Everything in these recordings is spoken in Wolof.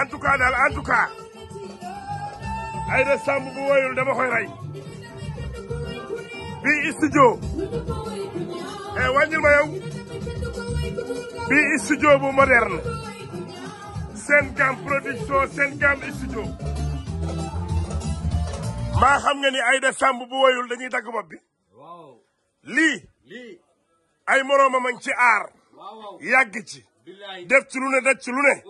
en tout cas daal en tout cas Aïda Samb bu woyul dama koy rey bii studio eh wàññil ma yow bii studio bu moderne seen gam production seen gam studio maa xam nga ni Aïda Samb bu woyul dañuy dagg bopp bi lii ay moroomam a ngi ci aar yàgg ci def ci lu ne def ci lu ne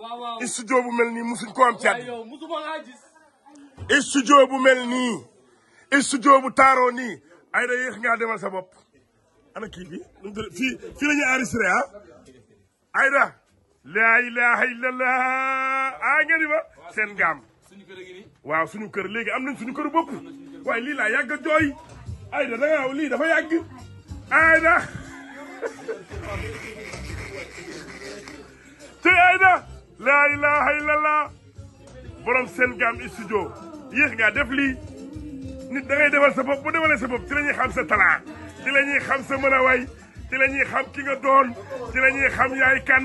studio bu mel nii musuñ ko am ci àddina studio bu mel nii studio bu taaroo nii ay da yéex ngaa demal sa bopp ana kii fii fii la ñuy enregistré ah ayda laa ilaha illallah ah, a ngeen kër léegi am nañ suñu kër bopp waaye lii laa yàgg jooy ayda da nga lii dafa yàgg ayda ci ayda laa ilaha illallah borom seen gaam studio yéex ngaa def lii nit da ngay defal sa bopp bu defalee sa bopp ci la ñuy xam sa talaa ci la xam sa mën a way ci la xam ki nga doon ci la ñuy xam yaay kan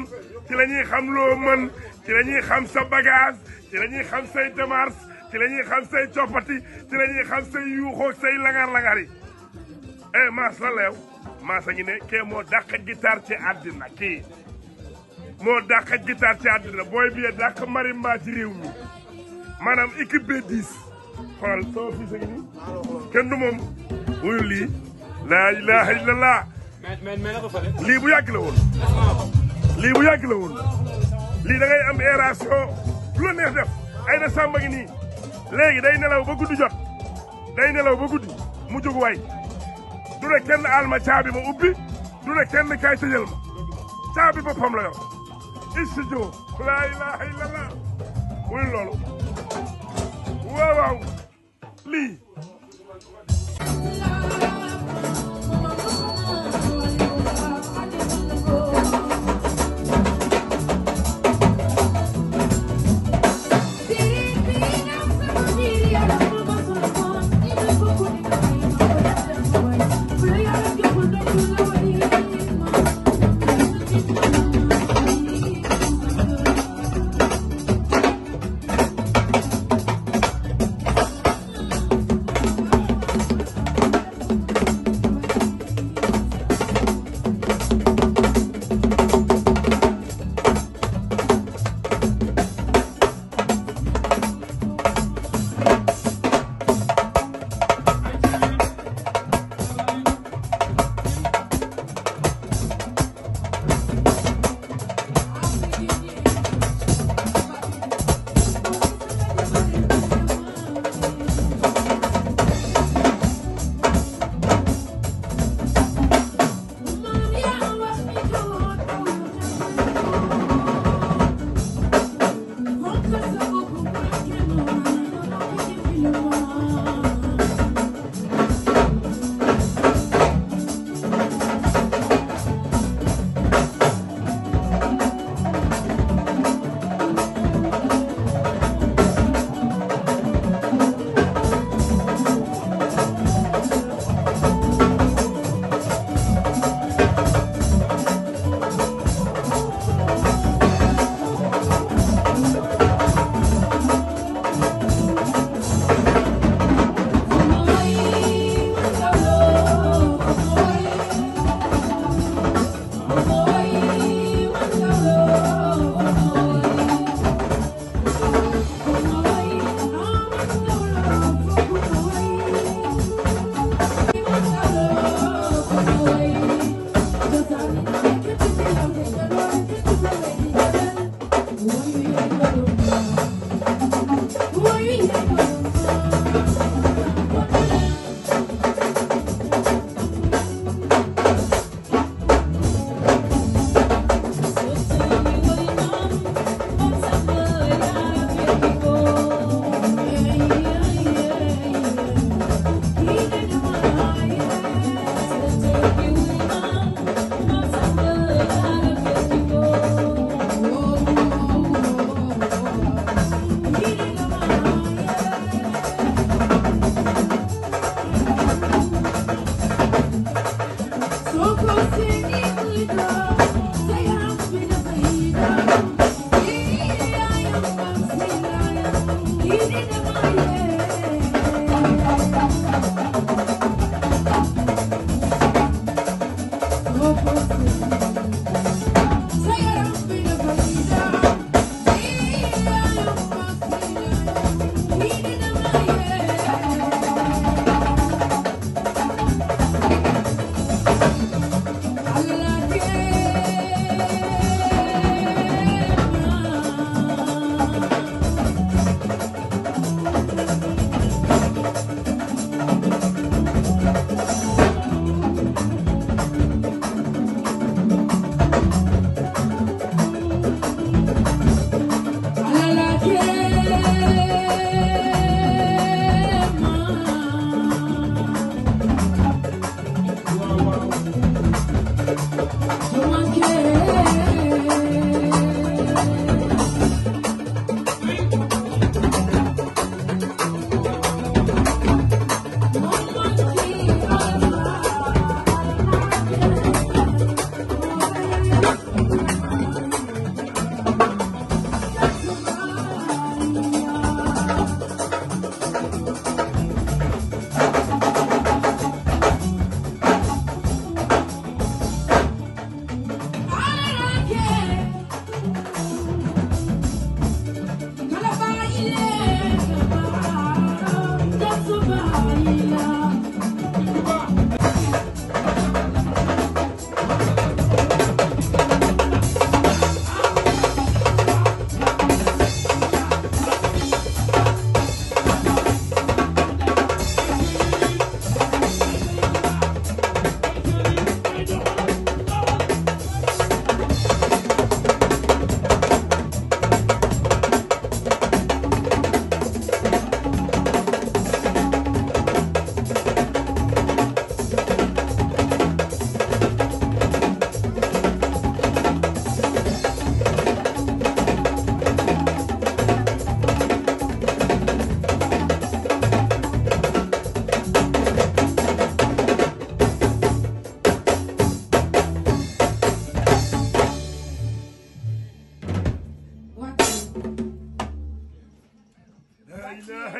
ci la xam loo mën ci la xam sa bagage ci la xam say démarche ci la ñuy xam say coppati ci la ñuy xam say yuuxoo say langar-langar yi eh, maas la leew maa sañu ne kee moo dàq guitare ci àddina kii moo dàq guitare ci àddina booy biyee dàq marimba ci réew mi maanaam équipe B 10 soo fi sañu ni kenn moom wuyu lii laa ilaha illallah lii bu yàgg la woon lii bu yàgg la woon lii da ngay am aération lu la neex def ay na sàmba ngi nii léegi day nelaw ba guddi jot day nelaw ba guddi mu jóg waay du ne kenn aal ma caabi ma ubbi du ne kenn kay tëjal ma caabi boppam la yor istudio laa ilaha illallah wuy loolu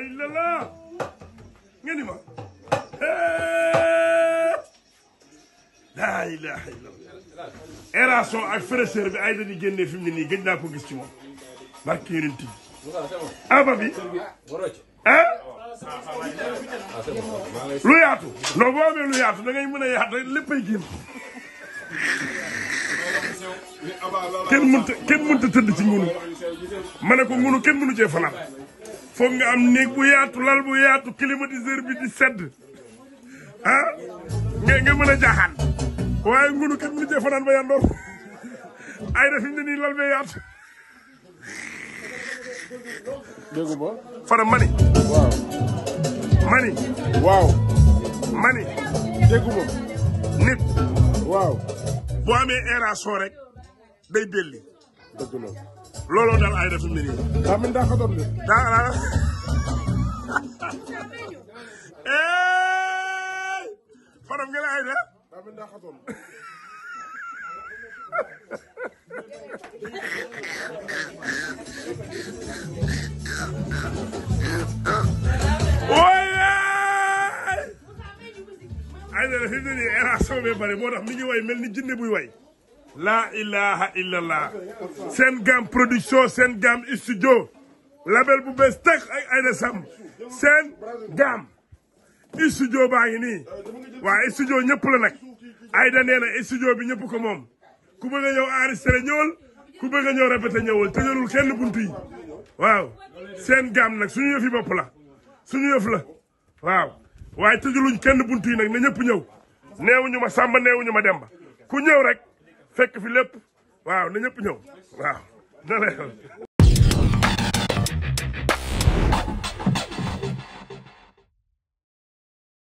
illallah nga ni ma laa ilaha illallah bi ay dañuy génnee fi mu ne nii naa ko gis ci moom barke yonent bi ah, aba ah. lu yaatu non boo lu yaatu da ngay mën a yaatu rek léppay génn kenn mënta kenn mënta tëdd ci ngunu ma ko ngunu kenn mënu cee fanaan foog nga am néeg bu yaatu lal bu yaatu climatiseur bi di sedd ah nga nga mën a jaaxaan waaye ngunu kat mu jëf fanaan ba ay def ne lal bee yaatu déggu ba mani mani waaw mani déggu nit waaw boo amee aération rek day belli looloo daal ay def fi mu ne nii. daa mel ni daa ko doon de. daa. Fadam ngeen daa mel ni daa ko doon. waaye. fi mu ne nii ération bi bari mi ngi way mel ni jinne buy way. la ilaha illallah seen gam production seen gam studio label bu bees teg ak Aïda Samb seen gam studio baa ngi nii waa studio ñëpp la nag Aïda nee na studio bi ñëpp ko moom ku bëgg a ñëw enregistré ñëwal ku a ñëw répété ñëwal tëjalul kenn buntu yi waaw seen gam nag suñu yëf yi bopp la suñu yëf la waaw waaye tëjaluñ kenn buntu yi nag na ñëpp ñëw neewuñu ma Samba neewuñu ma Demba ku ñëw rek fekk fi lépp waaw na ñëpp ñëw waaw na leeral